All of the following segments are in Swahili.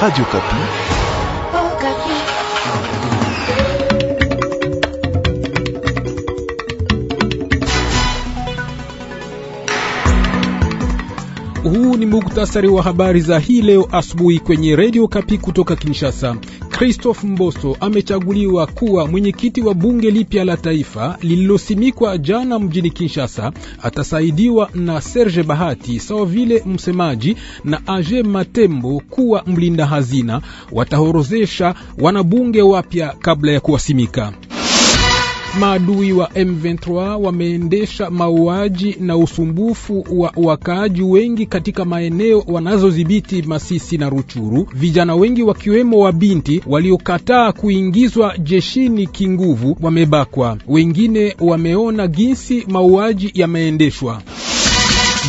Radio Kapi. Oh, Kapi. Huu ni muktasari wa habari za hii leo asubuhi kwenye Radio Kapi kutoka Kinshasa. Christophe Mboso amechaguliwa kuwa mwenyekiti wa bunge lipya la taifa lililosimikwa jana mjini Kinshasa. Atasaidiwa na Serge Bahati sawa vile msemaji na Age Matembo kuwa mlinda hazina. Watahorozesha wanabunge wapya kabla ya kuwasimika. Maadui wa M23 wameendesha mauaji na usumbufu wa wakaaji wengi katika maeneo wanazodhibiti Masisi na Ruchuru, vijana wengi wakiwemo wabinti waliokataa kuingizwa jeshini kinguvu wamebakwa, wengine wameona jinsi mauaji yameendeshwa.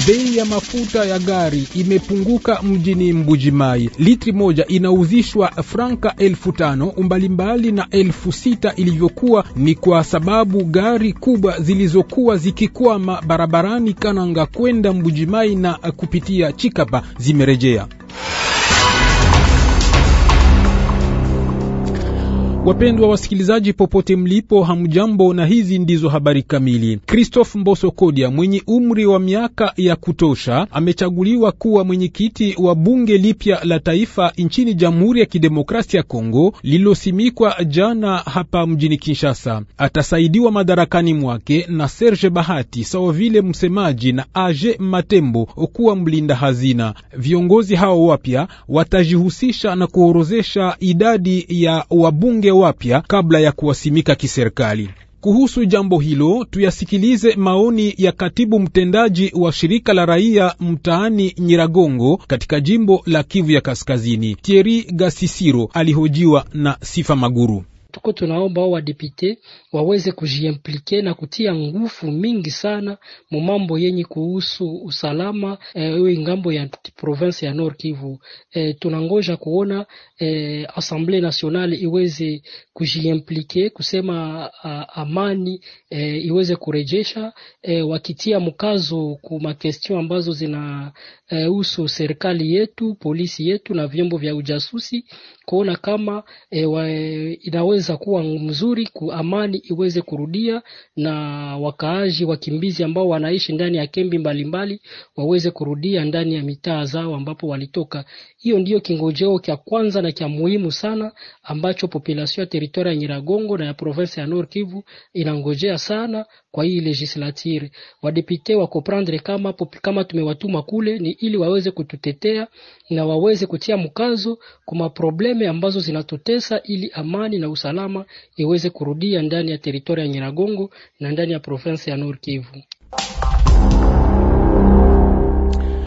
Bei ya mafuta ya gari imepunguka mjini Mbujimai. Litri moja inauzishwa franka elfu tano umbali mbali na elfu sita ilivyokuwa. Ni kwa sababu gari kubwa zilizokuwa zikikwama barabarani Kananga kwenda Mbujimai na kupitia Chikapa zimerejea. Wapendwa wasikilizaji, popote mlipo, hamjambo, na hizi ndizo habari kamili. Christophe Mboso Kodia mwenye umri wa miaka ya kutosha amechaguliwa kuwa mwenyekiti wa bunge lipya la taifa nchini Jamhuri ya Kidemokrasia ya Kongo lililosimikwa jana hapa mjini Kinshasa. Atasaidiwa madarakani mwake na Serge Bahati sawa vile msemaji na Age Matembo kuwa mlinda hazina. Viongozi hao wapya watajihusisha na kuorozesha idadi ya wabunge wake wapya kabla ya kuwasimika kiserikali. Kuhusu jambo hilo tuyasikilize maoni ya katibu mtendaji wa shirika la raia mtaani Nyiragongo katika jimbo la Kivu ya Kaskazini. Thierry Gasisiro alihojiwa na Sifa Maguru tuko tunaomba wa wadepite waweze kujiimplike na kutia nguvu mingi sana mu mambo yenye kuhusu usalama e, ngambo ya province ya Nord Kivu. E, tunangoja kuona e, Assemblée nationale iweze kujiimplike kusema a, ah, amani e, iweze kurejesha e, wakitia mkazo ku makestion ambazo zinahusu e, serikali yetu, polisi yetu na vyombo vya ujasusi kuona kama e, wa, inaweza kuwa mzuri ku amani iweze kurudia na wakaaji wakimbizi ambao wanaishi ndani ya kembi mbalimbali waweze kurudia ndani ya mitaa zao ambapo walitoka. Hiyo ndiyo kingojeo cha kwanza na cha muhimu sana ambacho population ya teritoria ya Nyiragongo na ya province ya Nord Kivu inangojea sana kwa hii legislature. Wadepute wa comprendre kama kama tumewatuma kule ni ili waweze kututetea na waweze kutia mkazo kwa probleme ambazo zinatutesa, ili amani na usalama iweze kurudia ndani ya teritoria ya Nyiragongo na ndani ya province ya Nord Kivu.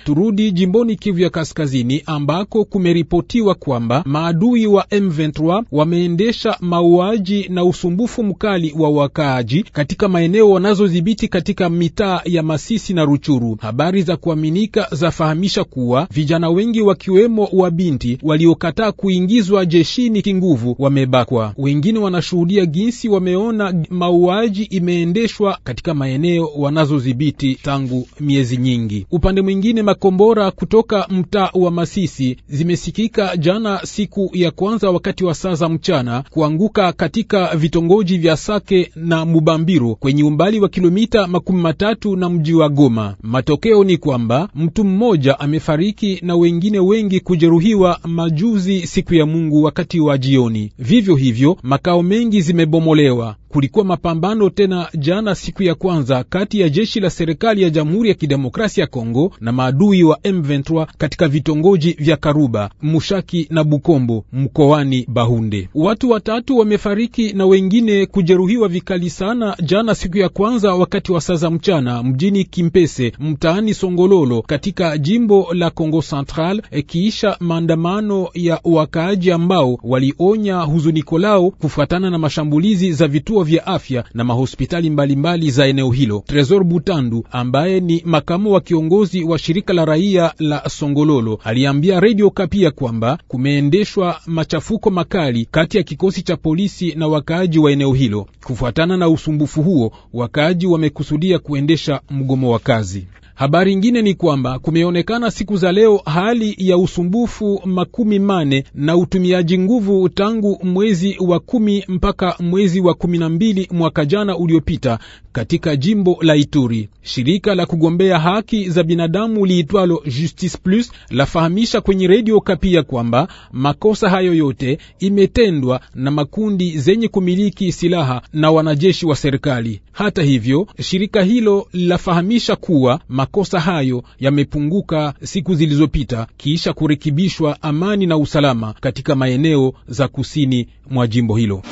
Turudi jimboni Kivu ya Kaskazini ambako kumeripotiwa kwamba maadui wa M23 wameendesha mauaji na usumbufu mkali wa wakaaji katika maeneo wanazodhibiti katika mitaa ya Masisi na Ruchuru. Habari za kuaminika zafahamisha kuwa vijana wengi wakiwemo wa binti waliokataa kuingizwa jeshini kinguvu wamebakwa. Wengine wanashuhudia jinsi wameona mauaji imeendeshwa katika maeneo wanazodhibiti tangu miezi nyingi. Upande mwingine kombora kutoka mtaa wa Masisi zimesikika jana siku ya kwanza wakati wa saa za mchana kuanguka katika vitongoji vya Sake na Mubambiro kwenye umbali wa kilomita makumi matatu na mji wa Goma. Matokeo ni kwamba mtu mmoja amefariki na wengine wengi kujeruhiwa majuzi siku ya Mungu wakati wa jioni. Vivyo hivyo makao mengi zimebomolewa. Kulikuwa mapambano tena jana siku ya kwanza kati ya jeshi la serikali ya Jamhuri ya Kidemokrasia ya Kongo na maadui wa M23 katika vitongoji vya Karuba, Mushaki na Bukombo mkoani Bahunde. Watu watatu wamefariki na wengine kujeruhiwa vikali sana jana siku ya kwanza wakati wa saa za mchana mjini Kimpese mtaani Songololo katika jimbo la Kongo Central, ikiisha maandamano ya wakaaji ambao walionya huzuniko lao kufuatana na mashambulizi za vituo vya afya na mahospitali mbalimbali mbali za eneo hilo. Tresor Butandu ambaye ni makamu wa kiongozi wa shirika la raia la Songololo aliambia redio Kapia kwamba kumeendeshwa machafuko makali kati ya kikosi cha polisi na wakaaji wa eneo hilo. Kufuatana na usumbufu huo, wakaaji wamekusudia kuendesha mgomo wa kazi. Habari ingine ni kwamba kumeonekana siku za leo hali ya usumbufu makumi mane na utumiaji nguvu tangu mwezi wa kumi mpaka mwezi wa kumi na mbili mwaka jana uliopita katika jimbo la Ituri. Shirika la kugombea haki za binadamu liitwalo Justice Plus lafahamisha kwenye redio Kapia kwamba makosa hayo yote imetendwa na makundi zenye kumiliki silaha na wanajeshi wa serikali. Hata hivyo, shirika hilo lafahamisha kuwa makosa hayo yamepunguka siku zilizopita kiisha kurekebishwa amani na usalama katika maeneo za kusini mwa jimbo hilo.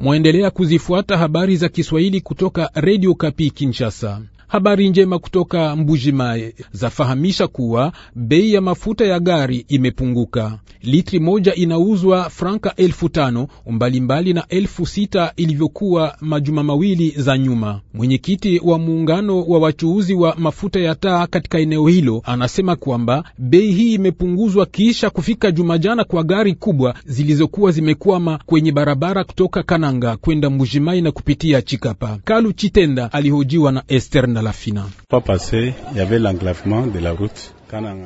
Mwaendelea kuzifuata habari za Kiswahili kutoka Redio Kapi Kinshasa. Habari njema kutoka Mbujimaye zafahamisha kuwa bei ya mafuta ya gari imepunguka. Litri moja inauzwa franka elfu tano umbalimbali na elfu sita ilivyokuwa majuma mawili za nyuma. Mwenyekiti wa muungano wa wachuuzi wa mafuta ya taa katika eneo hilo anasema kwamba bei hii imepunguzwa kisha kufika jumajana kwa gari kubwa zilizokuwa zimekwama kwenye barabara kutoka Kananga kwenda mbujimai na kupitia Chikapa. Kalu Chitenda alihojiwa na Esther na la Finan.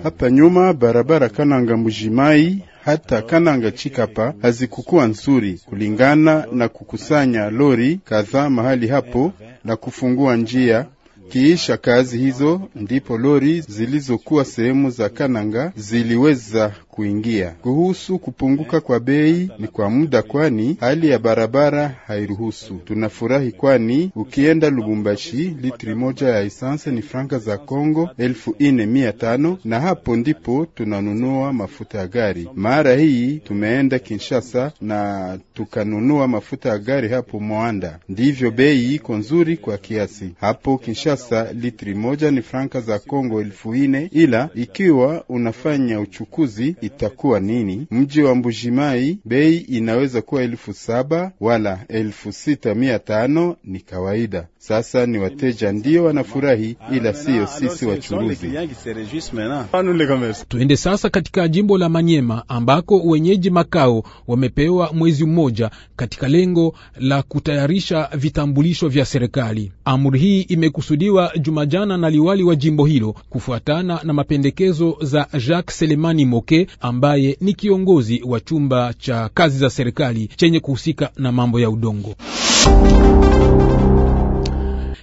Hapa nyuma barabara Kananga Mujimai hata Kananga Chikapa hazikukua nzuri kulingana na kukusanya lori kadhaa mahali hapo na kufungua njia. Kiisha kazi hizo ndipo lori zilizokuwa sehemu za Kananga ziliweza kuingia. Kuhusu kupunguka kwa bei, ni kwa muda, kwani hali ya barabara hairuhusu. Tunafurahi kwani ukienda Lubumbashi, litri moja ya esanse ni franka za Kongo elfu ine mia tano na hapo ndipo tunanunua mafuta ya gari. Mara hii tumeenda Kinshasa na tukanunua mafuta ya gari hapo mwanda ndivyo bei iko nzuri kwa kiasi. Hapo Kinshasa litri moja ni franka za Kongo elfu ine ila ikiwa unafanya uchukuzi itakuwa nini? Mji wa Mbujimai bei inaweza kuwa elfu saba wala elfu sita mia tano ni kawaida. Sasa ni wateja ndiyo wanafurahi, ila siyo sisi wachuruzi. Tuende sasa katika jimbo la Manyema ambako wenyeji makao wamepewa mwezi mmoja katika lengo la kutayarisha vitambulisho vya serikali. Amri hii imekusudiwa jumajana na liwali wa jimbo hilo kufuatana na mapendekezo za Jacques Selemani Moke ambaye ni kiongozi wa chumba cha kazi za serikali chenye kuhusika na mambo ya udongo.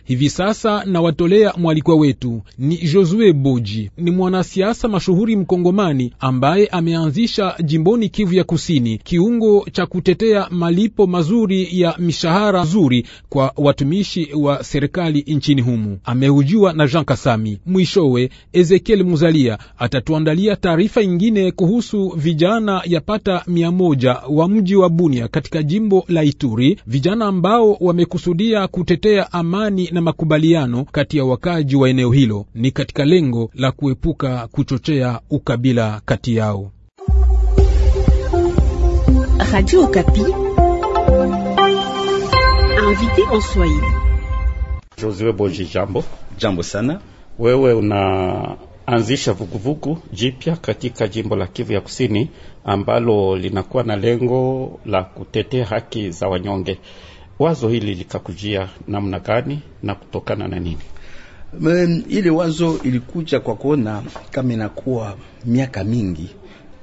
Hivi sasa nawatolea mwalikwa wetu ni Josue Boji, ni mwanasiasa mashuhuri mkongomani ambaye ameanzisha jimboni Kivu ya Kusini kiungo cha kutetea malipo mazuri ya mishahara zuri kwa watumishi wa serikali nchini humu. Amehujiwa na Jean Kasami. Mwishowe Ezekiel Muzalia atatuandalia taarifa ingine kuhusu vijana yapata mia moja wa mji wa Bunia katika jimbo la Ituri, vijana ambao wamekusudia kutetea amani na makubaliano kati ya wakaaji wa eneo hilo, ni katika lengo la kuepuka kuchochea ukabila kati yao. Radio Okapi. Invité en Swahili. Josue Boji, jambo. Jambo sana. Wewe unaanzisha vuguvugu jipya katika jimbo la Kivu ya Kusini ambalo linakuwa na lengo la kutetea haki za wanyonge. Wazo hili likakujia namna gani na kutokana na nini? Um, ile wazo ilikuja kwa kuona kama inakuwa miaka mingi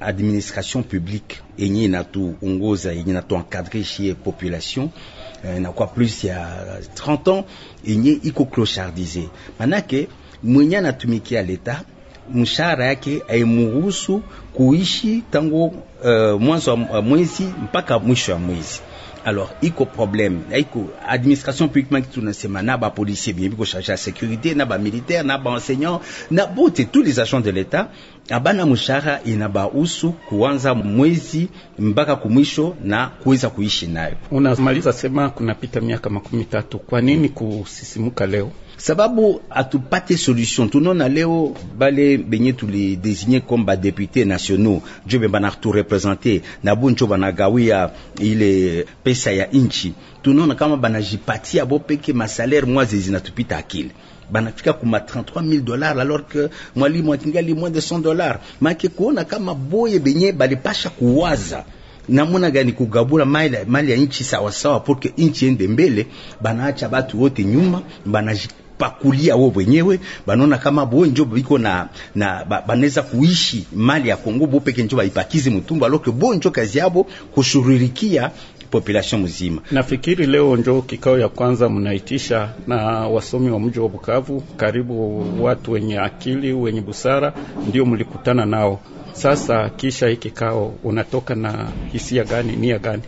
administration publique yenye inatuongoza yenye inatuenkadre chez population inakuwa eh, plus ya 30 ans yenye iko clochardise, manake mwenye anatumikia leta mshahara yake aimuruhusu kuishi tangu uh, mwanzo wa mwezi mpaka mwisho wa mwezi Alors iko problème iko administration publique tunasema na ba policier bien biko chargé ya sécurité na ba militaire na ba enseignant na bote tous les agents de l'État abana mushara mushahara inabahusu kuanza mwezi mpaka kumwisho na kuweza kuishi nayo. Unamaliza sema kunapita miaka makumi tatu, kwa nini kusisimuka leo? sababu hatupate solution. Tunaona leo bale benye désigner comme ba député nationaux ben njo be banaturepresente nabo njo banagawia ile pesa ya inchi, tunaona kama banajipatia bo peke masalere mwazi tupita akili banafika kuma 33000 dollars alors que mwalimu akingali moins de 100 dollars. Make kuona kama boye benye balipasha kuwaza namuna gani kugabula mali, inchi ya nchi sawasawa, que nchi ende mbele, banaacha batu wote nyuma banaji kupakulia wao wenyewe, banaona kama bo njo biko na na banaweza kuishi mali ya Kongo bo peke njo baipakize mutumba, aloke bo njo kazi yabo kushururikia population mzima. Nafikiri leo njo kikao ya kwanza mnaitisha na wasomi wa mji wa Bukavu, karibu watu wenye akili wenye busara ndio mlikutana nao. Sasa kisha hiki kikao unatoka na hisia gani, nia gani?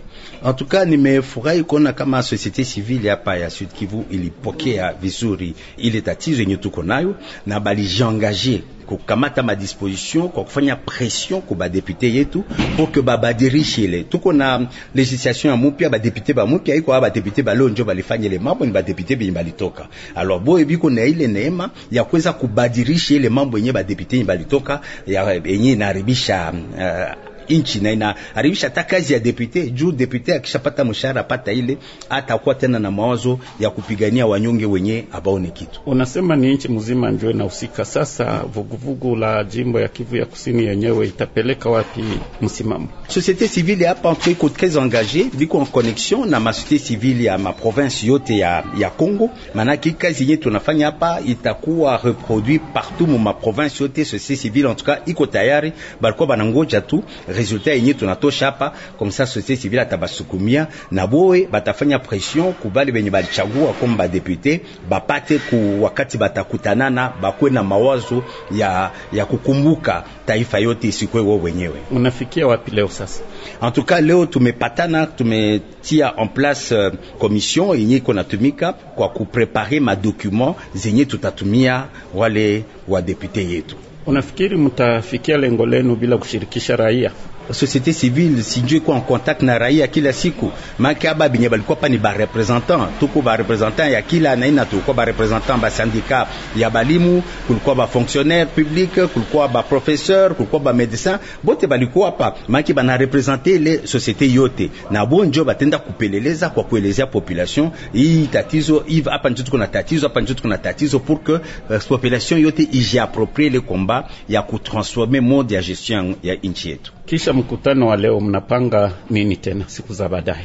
En tout cas nimefurahi kuona kama societe civile hapa ya Sud Kivu ilipokea vizuri ile tatizo yenye tuko nayo na balijangaje kukamata madisposition kwa kufanya pression ku badepute yetu porque babadirishe ile. Tuko na legislation ya mupya, badepute ba mupya iko ba badepute balonjo balifanya ile mambo, ni badepute binyi balitoka alors boye biko na ile neema ya kuweza kubadirisha ile mambo yenye badepute yenye balitoka ya yenye inaribisha uh, inchi na inaharibisha hata kazi ya depute, juu depute akishapata mshahara pata ile atakuwa tena na mawazo ya kupigania wanyonge wenye abaone kitu. Unasema ni inchi mzima ndio inahusika. Sasa vuguvugu la jimbo ya Kivu ya Kusini yenyewe itapeleka wapi msimamo? Societe civile hapa tuko tres engage, biko en connexion na masociete civile ya ma province yote ya ya Kongo, manake kazi yenyewe tunafanya hapa itakuwa reproduit partout mu ma province yote. Societe civile en tout cas iko tayari, balikuwa banangoja tu resultat yenye tunatosha hapa, komsa societe civile atabasukumia na boe batafanya pression kubali benye balichagua kama badepute bapate ku wakati batakutanana, bakwe na mawazo ya, ya kukumbuka taifa yote isikwe wao wenyewe. Unafikia wapi leo sasa? En tout cas leo tumepatana, tumetia en place uh, commission yenye iko natumika kwa kuprepare madocument zenye tutatumia wale wa député yetu. Unafikiri mtafikia lengo lenu bila kushirikisha raia? société civile si Dieu quoi en contact na raia kila siku, Maki aba binye balikuwa pa ni ba representant, tuko ba representant ya kila na ina, tuko ba representant ba syndicat ya balimu, kulikuwa ba fonctionnaire public, kulikuwa ba professeur, kulikuwa ba medecin, bote balikuwa pa, maki bana représenter ile société yote, na bonjo batenda kupeleleza kwa kuelezea population hii tatizo hivi, hapa ndio tuko na tatizo, hapa ndio tuko na tatizo, pour que euh, population yote iji approprier le combat ya kutransformer mode ya gestion ya nchi yetu. Kisha mkutano wa leo mnapanga nini tena siku za baadaye?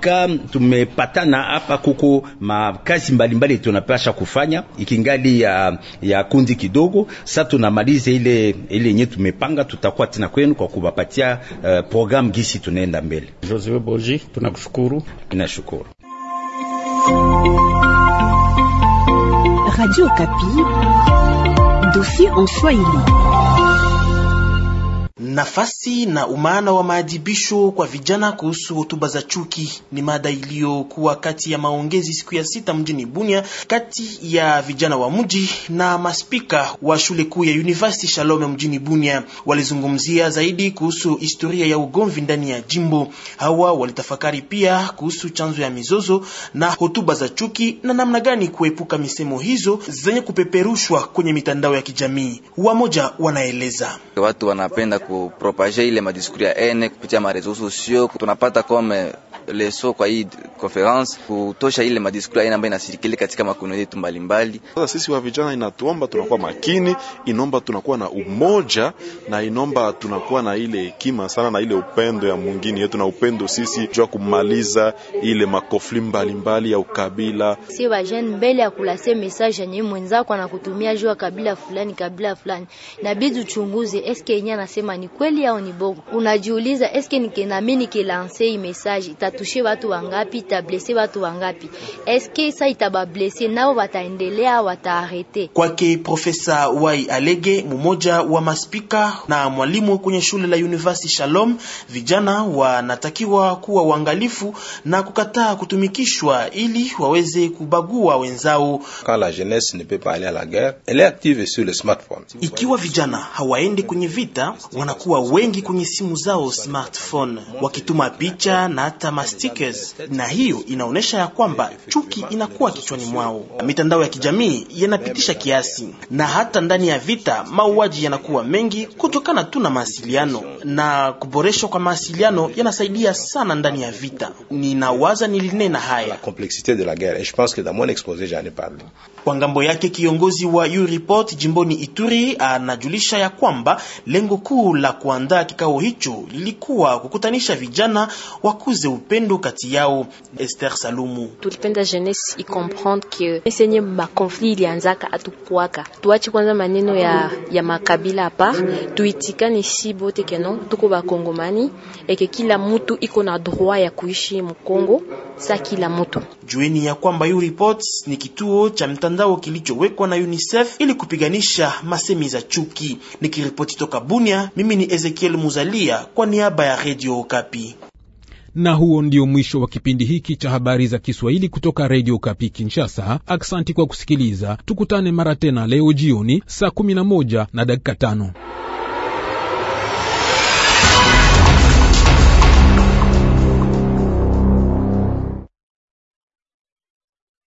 cas, tumepatana hapa, kuko makazi mbalimbali tunapasha kufanya ikingali ya, ya kundi kidogo. Sasa tunamaliza ile ile yenye tumepanga, tutakuwa tena kwenu kwa kuwapatia uh, eh, programu gisi tunaenda mbele. Joseph Boji, tunakushukuru. Tunashukuru. Radio Kapi, dossier en Swahili. Nafasi na umaana wa maadhibisho kwa vijana kuhusu hotuba za chuki ni mada iliyokuwa kati ya maongezi siku ya sita mjini Bunia kati ya vijana wa mji na maspika wa shule kuu ya University Shalom mjini Bunia. Walizungumzia zaidi kuhusu historia ya ugomvi ndani ya jimbo. Hawa walitafakari pia kuhusu chanzo ya mizozo na hotuba za chuki na namna gani kuepuka misemo hizo zenye kupeperushwa kwenye mitandao ya kijamii. Wamoja wanaeleza watu wanapenda ku kupropager ile madiskuri ya ene kupitia marezo sosio. Tunapata comme leso kwa hii conference kutosha ile madiskuri ya ene ambayo inasirikile katika makundi yetu mbalimbali. Sasa sisi wa vijana inatuomba tunakuwa makini, inomba tunakuwa na umoja na inomba tunakuwa na ile hekima sana na ile upendo ya mwingine yetu na upendo sisi jua kumaliza ile makofli mbalimbali ya ukabila. Si wa jeune mbele ya kulase message yenye mwenzako anakutumia jua kabila fulani kabila fulani, inabidi uchunguze eske yenyewe anasema ni kweli au ni bongo? Unajiuliza, eske nikinami nikilanse hii message itatushe watu wangapi? Itablese watu wangapi? Eske sa itabablese nao wataendelea, wataarete? Kwake Profesa Wai Alege, mmoja wa maspika na mwalimu kwenye shule la University Shalom, vijana wanatakiwa kuwa wangalifu na kukataa kutumikishwa ili waweze kubagua wenzao. Quand la jeunesse ne peut pas aller à la guerre, elle est active sur le smartphone. Ikiwa vijana hawaendi kwenye vita, wanaku wanakuwa wengi kwenye simu zao smartphone, wakituma picha na hata mastikers, na hiyo inaonyesha ya kwamba chuki inakuwa kichwani mwao. Mitandao ya kijamii yanapitisha kiasi, na hata ndani ya vita mauaji yanakuwa mengi kutokana tu na mawasiliano, na kuboreshwa kwa mawasiliano yanasaidia sana ndani ya vita. Ninawaza nilinena haya kwa ngambo yake. Kiongozi wa U-Report jimboni Ituri anajulisha ya kwamba lengo kuu la kuandaa kikao hicho lilikuwa kukutanisha vijana wakuze upendo kati yao. Esther Salumu: tulipenda jeunesse comprendre que esenye makonfli ilianzaka atukwaka, tuache kwanza maneno ya, ya makabila apart, tuitikane si bote keno tuko bakongomani eke kila mutu iko na droit ya kuishi Mkongo sa kila mutu. Jueni ya kwamba yu Reports ni kituo cha mtandao kilichowekwa na UNICEF ili kupiganisha masemi za chuki. Nikiripoti toka Bunia, mimi ni ni Ezekiel Muzalia kwa niaba ya Redio Okapi. Na huo ndio mwisho wa kipindi hiki cha habari za Kiswahili kutoka Redio Okapi Kinshasa. Aksanti kwa kusikiliza, tukutane mara tena leo jioni saa 11 na dakika tano.